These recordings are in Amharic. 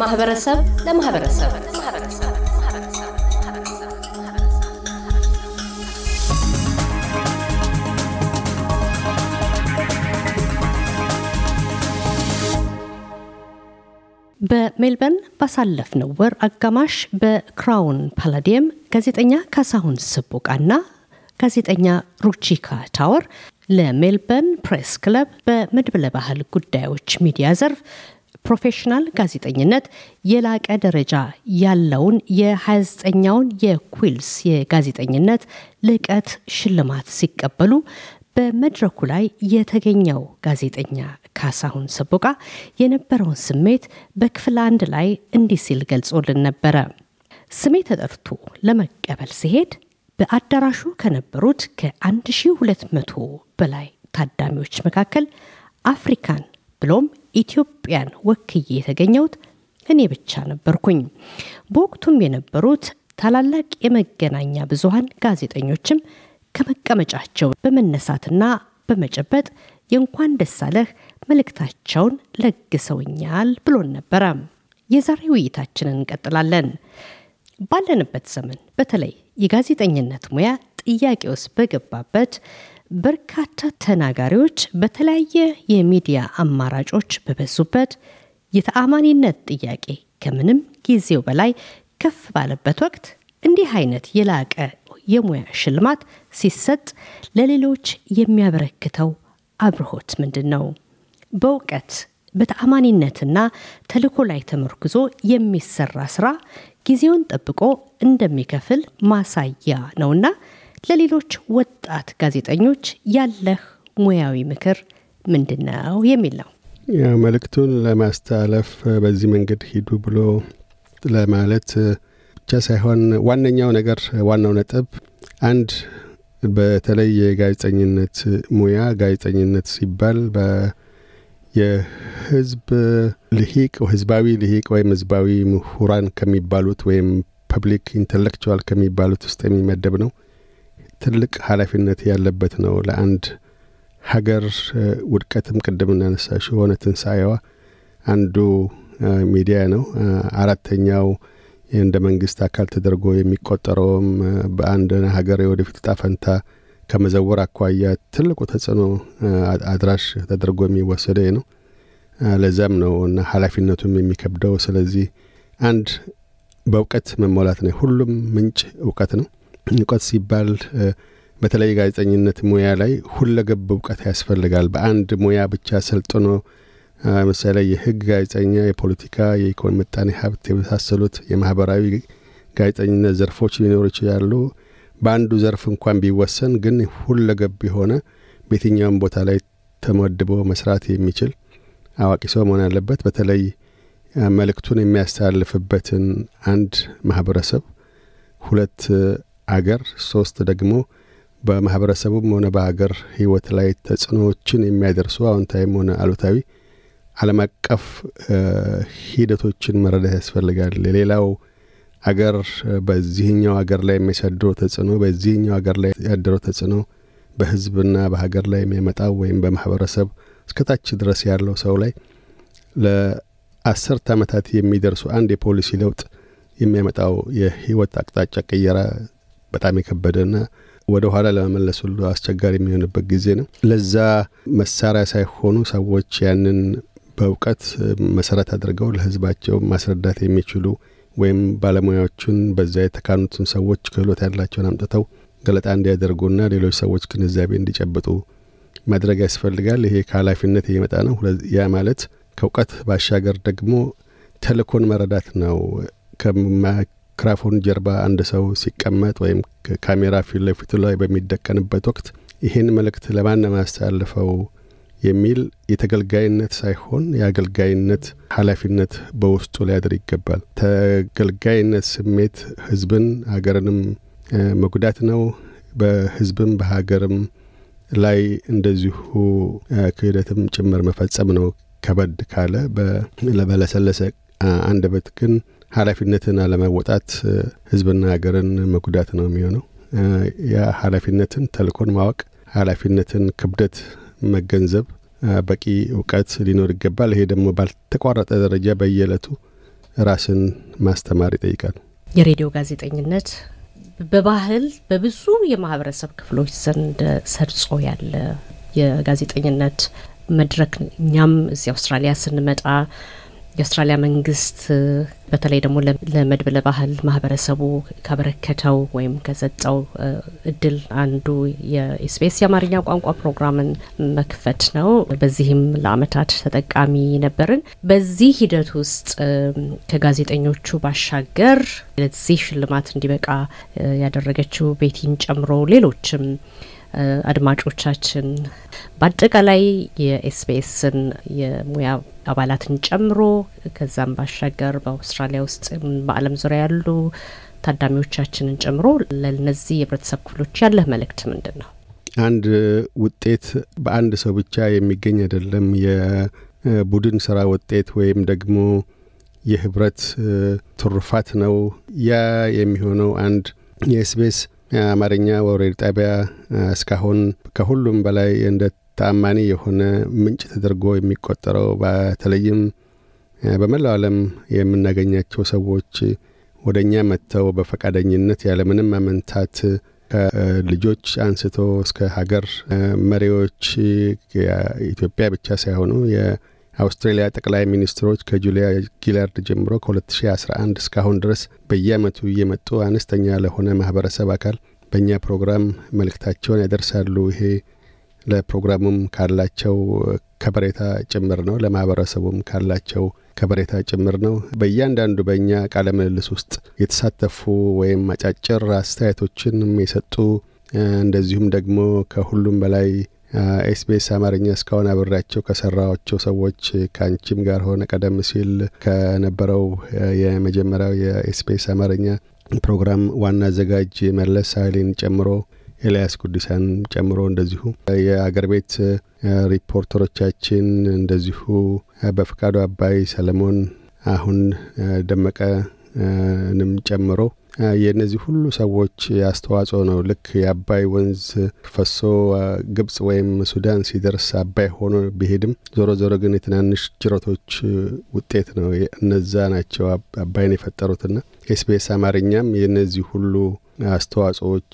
ማህበረሰብ ለማህበረሰብ በሜልበርን ባሳለፍነው ወር አጋማሽ በክራውን ፓላዲየም ጋዜጠኛ ካሳሁን ስቦቃና ጋዜጠኛ ሩቺካ ታወር ለሜልበርን ፕሬስ ክለብ በመድብለ ባህል ጉዳዮች ሚዲያ ዘርፍ ፕሮፌሽናል ጋዜጠኝነት የላቀ ደረጃ ያለውን የ29ኛውን የኩልስ የጋዜጠኝነት ልቀት ሽልማት ሲቀበሉ በመድረኩ ላይ የተገኘው ጋዜጠኛ ካሳሁን ሰቦቃ የነበረውን ስሜት በክፍል አንድ ላይ እንዲህ ሲል ገልጾልን ነበረ። ስሜ ተጠርቶ ለመቀበል ሲሄድ በአዳራሹ ከነበሩት ከ1200 በላይ ታዳሚዎች መካከል አፍሪካን ብሎም ኢትዮጵያን ወክዬ የተገኘሁት እኔ ብቻ ነበርኩኝ። በወቅቱም የነበሩት ታላላቅ የመገናኛ ብዙሃን ጋዜጠኞችም ከመቀመጫቸው በመነሳትና በመጨበጥ የእንኳን ደሳለህ መልእክታቸውን ለግሰውኛል ብሎን ነበረ። የዛሬ ውይይታችንን እንቀጥላለን። ባለንበት ዘመን በተለይ የጋዜጠኝነት ሙያ ጥያቄ ውስጥ በገባበት በርካታ ተናጋሪዎች በተለያየ የሚዲያ አማራጮች በበዙበት የተአማኒነት ጥያቄ ከምንም ጊዜው በላይ ከፍ ባለበት ወቅት እንዲህ አይነት የላቀ የሙያ ሽልማት ሲሰጥ ለሌሎች የሚያበረክተው አብርሆት ምንድን ነው? በእውቀት በተአማኒነትና ተልኮ ላይ ተመርክዞ የሚሰራ ስራ ጊዜውን ጠብቆ እንደሚከፍል ማሳያ ነውና ለሌሎች ወጣት ጋዜጠኞች ያለህ ሙያዊ ምክር ምንድን ነው የሚል ነው። መልእክቱን ለማስተላለፍ በዚህ መንገድ ሂዱ ብሎ ለማለት ብቻ ሳይሆን ዋነኛው ነገር ዋናው ነጥብ አንድ በተለይ የጋዜጠኝነት ሙያ ጋዜጠኝነት ሲባል የህዝብ ልሂቅ ህዝባዊ ልሂቅ ወይም ህዝባዊ ምሁራን ከሚባሉት ወይም ፐብሊክ ኢንተሌክቹዋል ከሚባሉት ውስጥ የሚመደብ ነው። ትልቅ ኃላፊነት ያለበት ነው። ለአንድ ሀገር ውድቀትም ቅድም እናነሳሽ የሆነ ትንሣኤዋ አንዱ ሚዲያ ነው። አራተኛው እንደ መንግስት አካል ተደርጎ የሚቆጠረውም በአንድ ሀገር የወደፊት ጣፈንታ ከመዘወር አኳያ ትልቁ ተጽዕኖ አድራሽ ተደርጎ የሚወሰደ ነው። ለዛም ነው እና ኃላፊነቱም የሚከብደው። ስለዚህ አንድ በእውቀት መሞላት ነው። ሁሉም ምንጭ እውቀት ነው። እውቀት ሲባል በተለይ ጋዜጠኝነት ሙያ ላይ ሁለገብ እውቀት ያስፈልጋል። በአንድ ሙያ ብቻ ሰልጥኖ ምሳሌ የህግ ጋዜጠኛ፣ የፖለቲካ፣ የኢኮኖሚ፣ ምጣኔ ሀብት የመሳሰሉት የማህበራዊ ጋዜጠኝነት ዘርፎች ሊኖሩ ይችላሉ። በአንዱ ዘርፍ እንኳን ቢወሰን ግን ሁለገብ የሆነ በየትኛውም ቦታ ላይ ተመድቦ መስራት የሚችል አዋቂ ሰው መሆን ያለበት። በተለይ መልእክቱን የሚያስተላልፍበትን አንድ ማህበረሰብ ሁለት አገር፣ ሶስት ደግሞ በማህበረሰቡም ሆነ በሀገር ህይወት ላይ ተጽዕኖዎችን የሚያደርሱ አዎንታዊም ሆነ አሉታዊ ዓለም አቀፍ ሂደቶችን መረዳት ያስፈልጋል። የሌላው አገር በዚህኛው አገር ላይ የሚያሳድረው ተጽዕኖ፣ በዚህኛው አገር ላይ ያደረው ተጽዕኖ በህዝብና በሀገር ላይ የሚያመጣው ወይም በማህበረሰብ እስከታች ድረስ ያለው ሰው ላይ ለአስርት ዓመታት የሚደርሱ አንድ የፖሊሲ ለውጥ የሚያመጣው የህይወት አቅጣጫ ቅየራ በጣም የከበደና ወደ ኋላ ለመመለስ ሁሉ አስቸጋሪ የሚሆንበት ጊዜ ነው። ለዛ መሳሪያ ሳይሆኑ ሰዎች ያንን በእውቀት መሰረት አድርገው ለህዝባቸው ማስረዳት የሚችሉ ወይም ባለሙያዎቹን በዛ የተካኑትን ሰዎች ክህሎት ያላቸውን አምጥተው ገለጣ እንዲያደርጉና ሌሎች ሰዎች ግንዛቤ እንዲጨብጡ ማድረግ ያስፈልጋል። ይሄ ከኃላፊነት የመጣ ነው። ያ ማለት ከእውቀት ባሻገር ደግሞ ተልእኮን መረዳት ነው። ማይክራፎን ጀርባ አንድ ሰው ሲቀመጥ ወይም ካሜራ ፊት ለፊቱ ላይ በሚደቀንበት ወቅት ይህን መልእክት ለማን ማስተላልፈው የሚል የተገልጋይነት ሳይሆን የአገልጋይነት ኃላፊነት በውስጡ ሊያድር ይገባል። ተገልጋይነት ስሜት ህዝብን ሀገርንም መጉዳት ነው። በህዝብም በሀገርም ላይ እንደዚሁ ክህደትም ጭምር መፈጸም ነው። ከበድ ካለ በለሰለሰ አንደበት ግን ኃላፊነትን አለመወጣት ህዝብና ሀገርን መጉዳት ነው የሚሆነው። ያ ኃላፊነትን ተልኮን ማወቅ፣ ኃላፊነትን ክብደት መገንዘብ፣ በቂ እውቀት ሊኖር ይገባል። ይሄ ደግሞ ባልተቋረጠ ደረጃ በየዕለቱ ራስን ማስተማር ይጠይቃል። የሬዲዮ ጋዜጠኝነት በባህል በብዙ የማህበረሰብ ክፍሎች ዘንድ ሰርጾ ያለ የጋዜጠኝነት መድረክ እኛም እዚህ አውስትራሊያ ስንመጣ የአውስትራሊያ መንግስት በተለይ ደግሞ ለመድብ ባህል ማህበረሰቡ ከበረከተው ወይም ከሰጠው እድል አንዱ የኤስቢኤስ የአማርኛ ቋንቋ ፕሮግራምን መክፈት ነው። በዚህም ለአመታት ተጠቃሚ ነበርን። በዚህ ሂደት ውስጥ ከጋዜጠኞቹ ባሻገር ለዚህ ሽልማት እንዲበቃ ያደረገችው ቤቲን ጨምሮ ሌሎችም አድማጮቻችን በአጠቃላይ የኤስቢኤስን የሙያ አባላትን ጨምሮ ከዛም ባሻገር በአውስትራሊያ ውስጥ በዓለም ዙሪያ ያሉ ታዳሚዎቻችንን ጨምሮ ለነዚህ የህብረተሰብ ክፍሎች ያለህ መልእክት ምንድን ነው? አንድ ውጤት በአንድ ሰው ብቻ የሚገኝ አይደለም። የቡድን ስራ ውጤት ወይም ደግሞ የህብረት ትሩፋት ነው። ያ የሚሆነው አንድ የኤስቢኤስ የአማርኛ ወሬድ ጣቢያ እስካሁን ከሁሉም በላይ እንደ ተአማኒ የሆነ ምንጭ ተደርጎ የሚቆጠረው በተለይም በመላው ዓለም የምናገኛቸው ሰዎች ወደ እኛ መጥተው በፈቃደኝነት ያለምንም አመንታት ከልጆች አንስቶ እስከ ሀገር መሪዎች ኢትዮጵያ ብቻ ሳይሆኑ የአውስትሬሊያ ጠቅላይ ሚኒስትሮች ከጁሊያ ጊላርድ ጀምሮ ከ2011 እስካሁን ድረስ በየአመቱ እየመጡ አነስተኛ ለሆነ ማህበረሰብ አካል በእኛ ፕሮግራም መልእክታቸውን ያደርሳሉ። ይሄ ለፕሮግራሙም ካላቸው ከበሬታ ጭምር ነው፣ ለማህበረሰቡም ካላቸው ከበሬታ ጭምር ነው። በእያንዳንዱ በእኛ ቃለ ምልልስ ውስጥ የተሳተፉ ወይም አጫጭር አስተያየቶችን የሰጡ እንደዚሁም ደግሞ ከሁሉም በላይ ኤስቢኤስ አማርኛ እስካሁን አብሬያቸው ከሰራቸው ሰዎች ከአንቺም ጋር ሆነ ቀደም ሲል ከነበረው የመጀመሪያው የኤስቢኤስ አማርኛ ፕሮግራም ዋና አዘጋጅ መለስ ሀይሌን ጨምሮ ኤልያስ ቅዱሳን ጨምሮ እንደዚሁ የአገር ቤት ሪፖርተሮቻችን እንደዚሁ በፍቃዱ አባይ፣ ሰለሞን አሁን፣ ደመቀ ንም ጨምሮ የእነዚህ ሁሉ ሰዎች አስተዋጽኦ ነው። ልክ የአባይ ወንዝ ፈሶ ግብጽ ወይም ሱዳን ሲደርስ አባይ ሆኖ ቢሄድም ዞሮ ዞሮ ግን የትናንሽ ጅረቶች ውጤት ነው። እነዛ ናቸው አባይን የፈጠሩትና ኤስቢኤስ አማርኛም የእነዚህ ሁሉ አስተዋጽኦዎች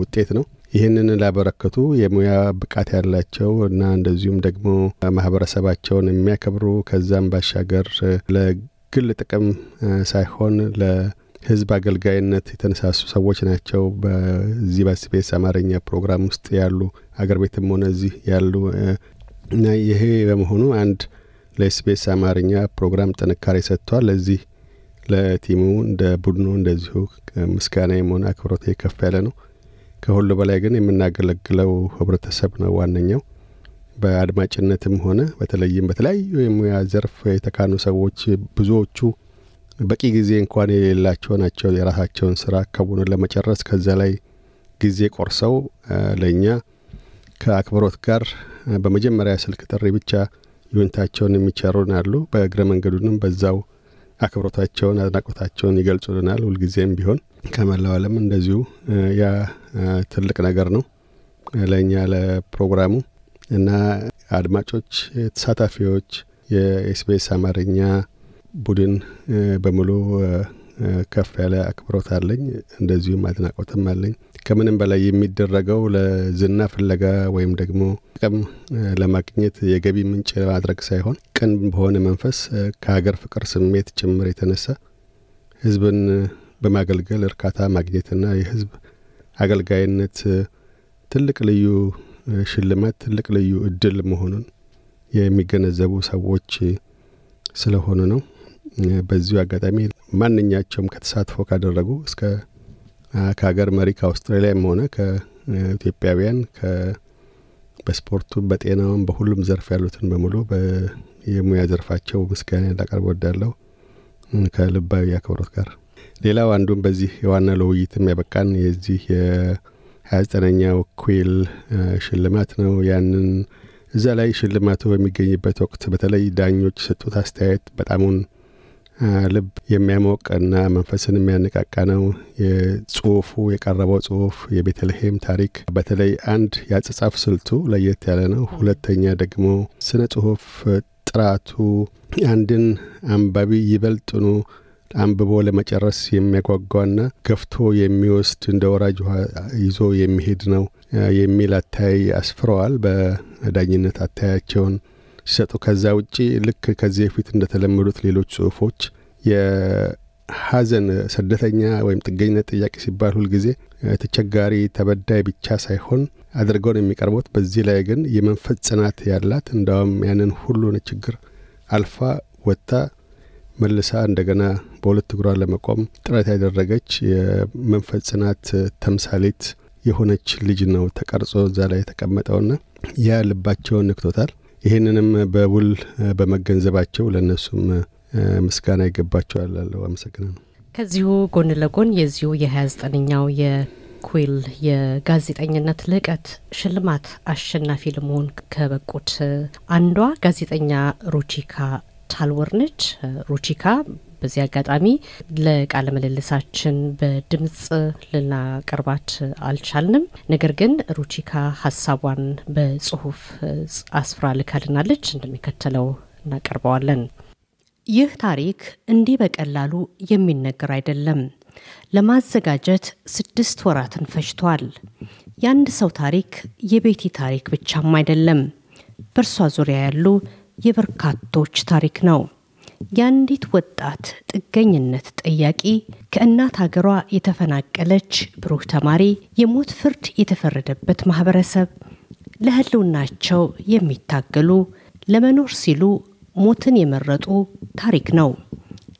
ውጤት ነው። ይህንን ላበረከቱ የሙያ ብቃት ያላቸው እና እንደዚሁም ደግሞ ማህበረሰባቸውን የሚያከብሩ ከዛም ባሻገር ለግል ጥቅም ሳይሆን ለሕዝብ አገልጋይነት የተነሳሱ ሰዎች ናቸው። በዚህ በኤስቢኤስ አማርኛ ፕሮግራም ውስጥ ያሉ አገር ቤትም ሆነ እዚህ ያሉ እና ይሄ በመሆኑ አንድ ለኤስቢኤስ አማርኛ ፕሮግራም ጥንካሬ ሰጥቷል። ለዚህ ለቲሙ እንደ ቡድኑ እንደዚሁ ምስጋና የመሆን አክብሮት ከፍ ያለ ነው። ከሁሉ በላይ ግን የምናገለግለው ህብረተሰብ ነው ዋነኛው። በአድማጭነትም ሆነ በተለይም በተለያዩ የሙያ ዘርፍ የተካኑ ሰዎች ብዙዎቹ በቂ ጊዜ እንኳን የሌላቸው ናቸው። የራሳቸውን ስራ ከቡኑ ለመጨረስ ከዛ ላይ ጊዜ ቆርሰው ለእኛ ከአክብሮት ጋር በመጀመሪያ ስልክ ጥሪ ብቻ ይሁንታቸውን የሚቸሩን አሉ። በእግረ መንገዱንም በዛው አክብሮታቸውን፣ አድናቆታቸውን ይገልጹልናል። ሁልጊዜም ቢሆን ከመላው ዓለም እንደዚሁ ያ ትልቅ ነገር ነው ለእኛ ለፕሮግራሙ እና አድማጮች፣ ተሳታፊዎች የኤስቢኤስ አማርኛ ቡድን በሙሉ ከፍ ያለ አክብሮት አለኝ፣ እንደዚሁም አድናቆትም አለኝ። ከምንም በላይ የሚደረገው ለዝና ፍለጋ ወይም ደግሞ ጥቅም ለማግኘት የገቢ ምንጭ ለማድረግ ሳይሆን ቅን በሆነ መንፈስ ከሀገር ፍቅር ስሜት ጭምር የተነሳ ህዝብን በማገልገል እርካታ ማግኘትና የህዝብ አገልጋይነት ትልቅ ልዩ ሽልማት፣ ትልቅ ልዩ እድል መሆኑን የሚገነዘቡ ሰዎች ስለሆኑ ነው። በዚሁ አጋጣሚ ማንኛቸውም ከተሳትፎ ካደረጉ እስከ ከሀገር መሪ ከአውስትራሊያም ሆነ ከኢትዮጵያውያን በስፖርቱ በጤናውም በሁሉም ዘርፍ ያሉትን በሙሉ የሙያ ዘርፋቸው ምስጋና ላቀርብ ወዳለው ከልባዊ አክብሮት ጋር ሌላው አንዱም በዚህ የዋና ለውይይትም ያበቃን የዚህ የሀያ ኩል ሽልማት ነው። ያንን እዛ ላይ ሽልማቱ በሚገኝበት ወቅት በተለይ ዳኞች የሰጡት አስተያየት በጣሙን ልብ የሚያሞቅና መንፈስን የሚያነቃቃ ነው። የጽሁፉ የቀረበው ጽሁፍ የቤተልሔም ታሪክ በተለይ አንድ የአጻጻፍ ስልቱ ለየት ያለ ነው። ሁለተኛ ደግሞ ስነ ጽሁፍ ጥራቱ አንድን አንባቢ ይበልጥኑ አንብቦ ለመጨረስ የሚያጓጓና ገፍቶ የሚወስድ እንደ ወራጅ ውሃ ይዞ የሚሄድ ነው የሚል አታይ አስፍረዋል። በዳኝነት አታያቸውን ሲሰጡ፣ ከዛ ውጪ ልክ ከዚህ በፊት እንደተለመዱት ሌሎች ጽሁፎች የሀዘን ስደተኛ ወይም ጥገኝነት ጥያቄ ሲባል ሁልጊዜ ተቸጋሪ ተበዳይ ብቻ ሳይሆን አድርገው ነው የሚቀርቡት። በዚህ ላይ ግን የመንፈስ ጽናት ያላት እንዳውም ያንን ሁሉን ችግር አልፋ ወጥታ መልሳ እንደገና በሁለት እግሯ ለመቆም ጥረት ያደረገች የመንፈስ ጽናት ተምሳሌት የሆነች ልጅ ነው ተቀርጾ እዛ ላይ የተቀመጠውና ያ ልባቸውን ንክቶታል። ይህንንም በውል በመገንዘባቸው ለእነሱም ምስጋና ይገባቸዋል አለው። አመሰግናለሁ። ከዚሁ ጎን ለጎን የዚሁ የ29ኛው የጋዜጠኝነት ልዕቀት ሽልማት አሸናፊ ለመሆን ከበቁት አንዷ ጋዜጠኛ ሩቺካ ታልወር ሩቺካ በዚህ አጋጣሚ ለቃለ ምልልሳችን በድምጽ ልናቀርባት አልቻልንም። ነገር ግን ሩቺካ ሀሳቧን በጽሁፍ አስፍራ ልካልናለች። እንደሚከተለው እናቀርበዋለን። ይህ ታሪክ እንዲህ በቀላሉ የሚነገር አይደለም። ለማዘጋጀት ስድስት ወራትን ፈጅቷል። የአንድ ሰው ታሪክ የቤቲ ታሪክ ብቻም አይደለም፣ በእርሷ ዙሪያ ያሉ የበርካቶች ታሪክ ነው። የአንዲት ወጣት ጥገኝነት ጠያቂ ከእናት ሀገሯ የተፈናቀለች ብሩህ ተማሪ፣ የሞት ፍርድ የተፈረደበት ማህበረሰብ፣ ለህልውናቸው የሚታገሉ ለመኖር ሲሉ ሞትን የመረጡ ታሪክ ነው።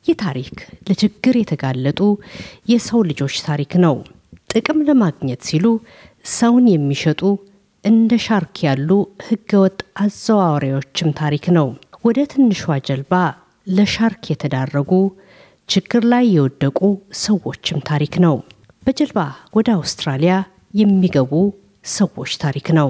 ይህ ታሪክ ለችግር የተጋለጡ የሰው ልጆች ታሪክ ነው። ጥቅም ለማግኘት ሲሉ ሰውን የሚሸጡ እንደ ሻርክ ያሉ ህገወጥ አዘዋዋሪዎችም ታሪክ ነው። ወደ ትንሿ ጀልባ ለሻርክ የተዳረጉ ችግር ላይ የወደቁ ሰዎችም ታሪክ ነው። በጀልባ ወደ አውስትራሊያ የሚገቡ ሰዎች ታሪክ ነው።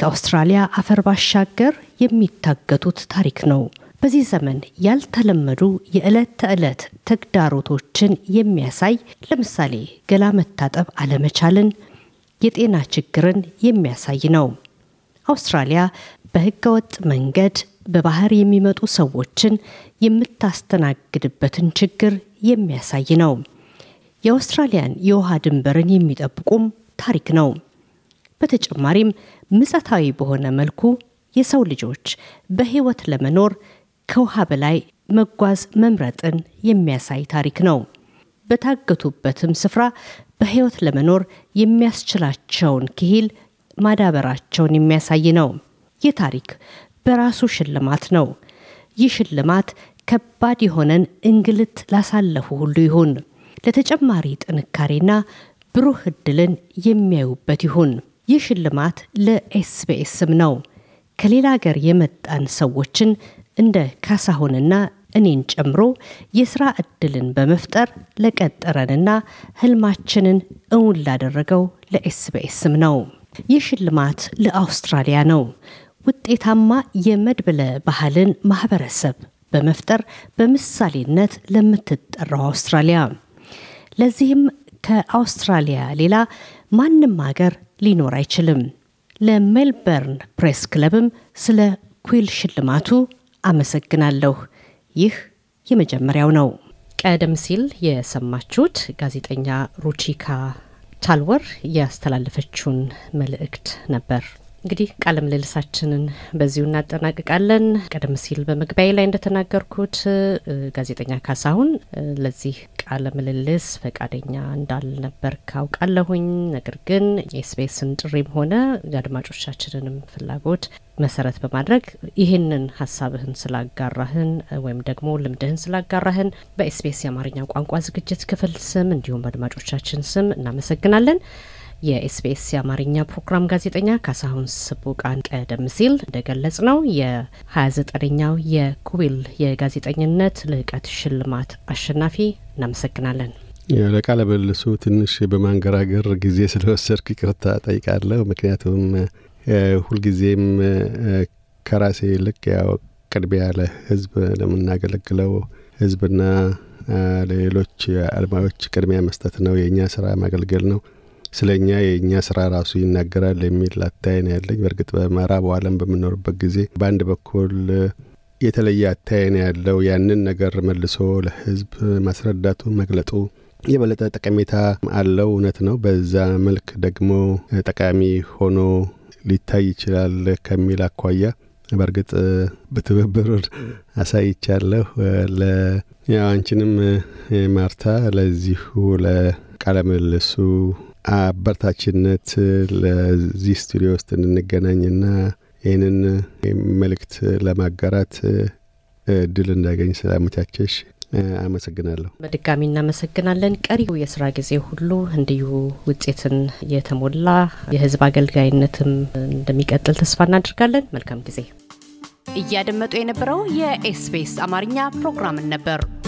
ከአውስትራሊያ አፈር ባሻገር የሚታገቱት ታሪክ ነው። በዚህ ዘመን ያልተለመዱ የዕለት ተዕለት ተግዳሮቶችን የሚያሳይ ለምሳሌ ገላ መታጠብ አለመቻልን፣ የጤና ችግርን የሚያሳይ ነው። አውስትራሊያ በህገወጥ መንገድ በባህር የሚመጡ ሰዎችን የምታስተናግድበትን ችግር የሚያሳይ ነው። የአውስትራሊያን የውሃ ድንበርን የሚጠብቁም ታሪክ ነው። በተጨማሪም ምጸታዊ በሆነ መልኩ የሰው ልጆች በሕይወት ለመኖር ከውሃ በላይ መጓዝ መምረጥን የሚያሳይ ታሪክ ነው። በታገቱበትም ስፍራ በሕይወት ለመኖር የሚያስችላቸውን ክሂል ማዳበራቸውን የሚያሳይ ነው። ይህ ታሪክ በራሱ ሽልማት ነው። ይህ ሽልማት ከባድ የሆነን እንግልት ላሳለፉ ሁሉ ይሁን። ለተጨማሪ ጥንካሬና ብሩህ ዕድልን የሚያዩበት ይሁን። ይህ ሽልማት ለኤስቢኤስም ነው። ከሌላ አገር የመጣን ሰዎችን እንደ ካሳሁንና እኔን ጨምሮ የስራ ዕድልን በመፍጠር ለቀጠረንና ህልማችንን እውን ላደረገው ለኤስቢኤስም ነው። ይህ ሽልማት ለአውስትራሊያ ነው። ውጤታማ የመድብለ ባህልን ማህበረሰብ በመፍጠር በምሳሌነት ለምትጠራው አውስትራሊያ ለዚህም ከአውስትራሊያ ሌላ ማንም ሀገር ሊኖር አይችልም። ለሜልበርን ፕሬስ ክለብም ስለ ኩል ሽልማቱ አመሰግናለሁ። ይህ የመጀመሪያው ነው። ቀደም ሲል የሰማችሁት ጋዜጠኛ ሩቺካ ቻልወር ያስተላለፈችውን መልእክት ነበር። እንግዲህ ቃለ ምልልሳችንን በዚሁ እናጠናቅቃለን። ቀደም ሲል በመግቢያ ላይ እንደተናገርኩት ጋዜጠኛ ካሳሁን ለዚህ ቃለ ምልልስ ፈቃደኛ እንዳልነበር ካውቃለሁኝ። ነገር ግን የኤስቢኤስን ጥሪም ሆነ የአድማጮቻችንንም ፍላጎት መሰረት በማድረግ ይህንን ሀሳብህን ስላጋራህን ወይም ደግሞ ልምድህን ስላጋራህን በኤስቢኤስ የአማርኛ ቋንቋ ዝግጅት ክፍል ስም እንዲሁም በአድማጮቻችን ስም እናመሰግናለን። የኤስቢኤስ የአማርኛ ፕሮግራም ጋዜጠኛ ካሳሁን ስቡቃን ቀደም ሲል እንደገለጽ ነው የ29ኛው የኩቢል የጋዜጠኝነት ልዕቀት ሽልማት አሸናፊ እናመሰግናለን። ለቃለ ምልልሱ ትንሽ በማንገራገር ጊዜ ስለወሰድኩ ይቅርታ ጠይቃለሁ። ምክንያቱም ሁልጊዜም ከራሴ ይልቅ ያው ቅድሚያ ህዝብ ለምናገለግለው ህዝብና ለሌሎች አልማዎች ቅድሚያ መስጠት ነው። የእኛ ስራ ማገልገል ነው። ስለ እኛ የእኛ ስራ ራሱ ይናገራል የሚል አታይ ነው ያለኝ። በእርግጥ በምዕራብ ዓለም በምኖርበት ጊዜ በአንድ በኩል የተለየ አታይ ነው ያለው። ያንን ነገር መልሶ ለህዝብ ማስረዳቱ መግለጡ የበለጠ ጠቀሜታ አለው። እውነት ነው። በዛ መልክ ደግሞ ጠቃሚ ሆኖ ሊታይ ይችላል ከሚል አኳያ በእርግጥ በትብብር አሳይቻለሁ። ለአንቺንም ማርታ ለዚሁ ለቃለ ምልልሱ አበረታችነት ለዚህ ስቱዲዮ ውስጥ እንድንገናኝና ይህንን መልእክት ለማጋራት እድል እንዳገኝ ስላመቻቸሽ አመሰግናለሁ። በድጋሚ እናመሰግናለን። ቀሪው የስራ ጊዜ ሁሉ እንዲሁ ውጤትን የተሞላ የህዝብ አገልጋይነትም እንደሚቀጥል ተስፋ እናደርጋለን። መልካም ጊዜ። እያደመጡ የነበረው የኤስቢኤስ አማርኛ ፕሮግራምን ነበር።